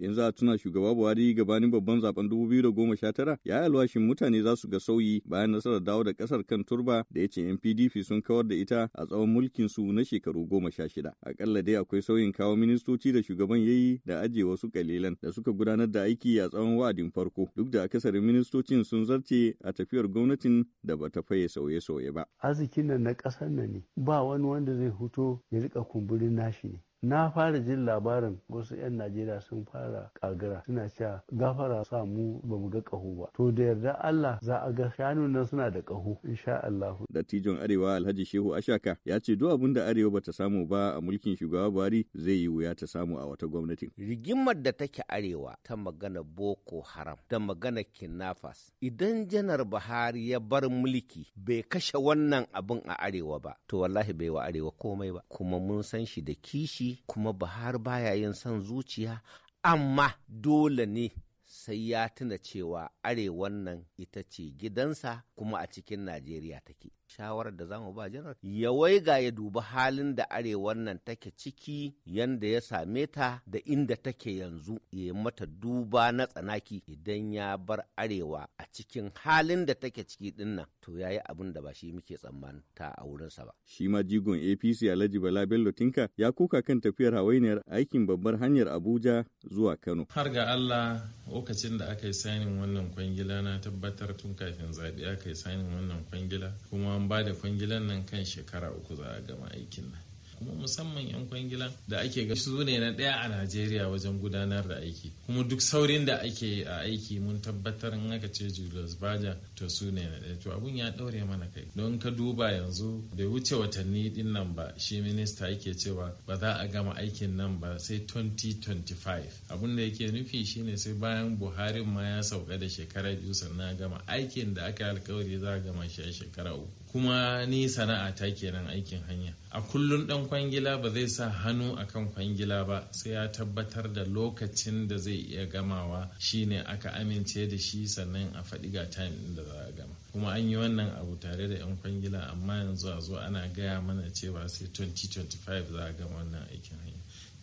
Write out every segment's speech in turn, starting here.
in za a tuna shugaba buhari gabanin babban zaben 2019 ya yi alwashin mutane za su ga sauyi bayan nasarar dawo da kasar kan turba da ya ce yan sun kawar da ita a tsawon mulkin su na shekaru goma sha shida akalla dai akwai sauyin kawo ministoci da shugaban ya yi da ajiye wasu kalilan da suka gudanar da aiki a tsawon wa'adin farko duk da akasarin ministocin sun zarce a tafiyar gwamnatin da ba ta faye sauye-sauye ba arzikin nan na ƙasar na ne ba wani wanda zai huto ya rika kumburin nashi ne na fara jin labarin wasu 'yan najeriya sun fara ƙagara. suna cewa gafara sa mu ba mu ga ƙaho ba to da yarda allah za a ga shanu nan suna da ƙaho insha allahu dattijon arewa alhaji shehu ashaka ya ce duk abin da arewa bata samu ba a mulkin shugaba buhari zai yi wuya ta samu a wata gwamnati rigimar da take arewa ta magana boko haram da magana kinnafas idan janar buhari ya bar mulki bai kashe wannan abin a arewa ba to wallahi bai wa arewa komai ba kuma mun san shi da kishi kuma Buhari baya yin son zuciya amma dole ne sai ya tuna cewa arewan nan ita ce gidansa kuma a cikin Najeriya take. Shawarar da zamu ba janar ya waiga ya dubi halin da arewan nan take ciki yanda ya same ta da inda take yanzu ya mata duba na tsanaki idan ya bar arewa a cikin halin da take ciki dinnan to ya yi abin da ba shi muke tsammanta a wurinsa ba. Shi ma jigon APC Alhaji Bala Bello Tinka ya kuka kan tafiyar hawainiyar aikin babbar hanyar Abuja zuwa Kano. Har ga Allah lokacin da aka yi sanin wannan kwangila na tabbatar tun kafin zaɓe aka yi sanin wannan kwangila kuma an ba da kwangilan nan kan shekara uku za a gama aikin nan kuma musamman 'yan kwangilan da ake ga su ne na ɗaya a Najeriya wajen gudanar da aiki kuma duk saurin da ake a aiki mun tabbatar in aka ce Julius Baja to su ne na ɗaya to abun ya ɗaure mana kai don ka duba yanzu bai wuce watanni din nan ba shi minista yake cewa ba za a gama aikin nan ba sai 2025 abun da yake nufi shine sai bayan Buhari ma ya sauka da shekara biyu sannan gama aikin da aka yi alkawari za a gama shi a shekara uku kuma ni sana'a ta kenan aikin hanya a kullum dan kwangila ba zai sa hannu a kan kwangila ba sai ya tabbatar da lokacin da zai iya gamawa shine aka amince da shi sannan a faɗi ga time da za a gama kuma an yi wannan abu tare da yan kwangila amma yanzu a zo ana gaya mana cewa sai 2025 za a gama wannan aikin hanya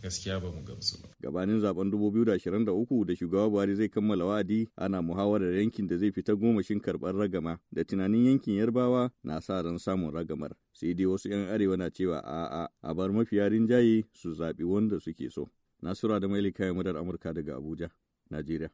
gaskiya ba mu gamsu ba. Gabanin zaben 2023 da shugaba Buhari zai kammala wa'adi ana muhawarar yankin da zai fita gomashin karɓar ragama da tunanin yankin Yarbawa na sa ran samun ragamar. Sai dai wasu 'yan arewa na cewa a'a a bar mafiya rinjaye su zaɓi wanda suke so. Nasiru da Mailika ya Amurka daga Abuja, Najeriya.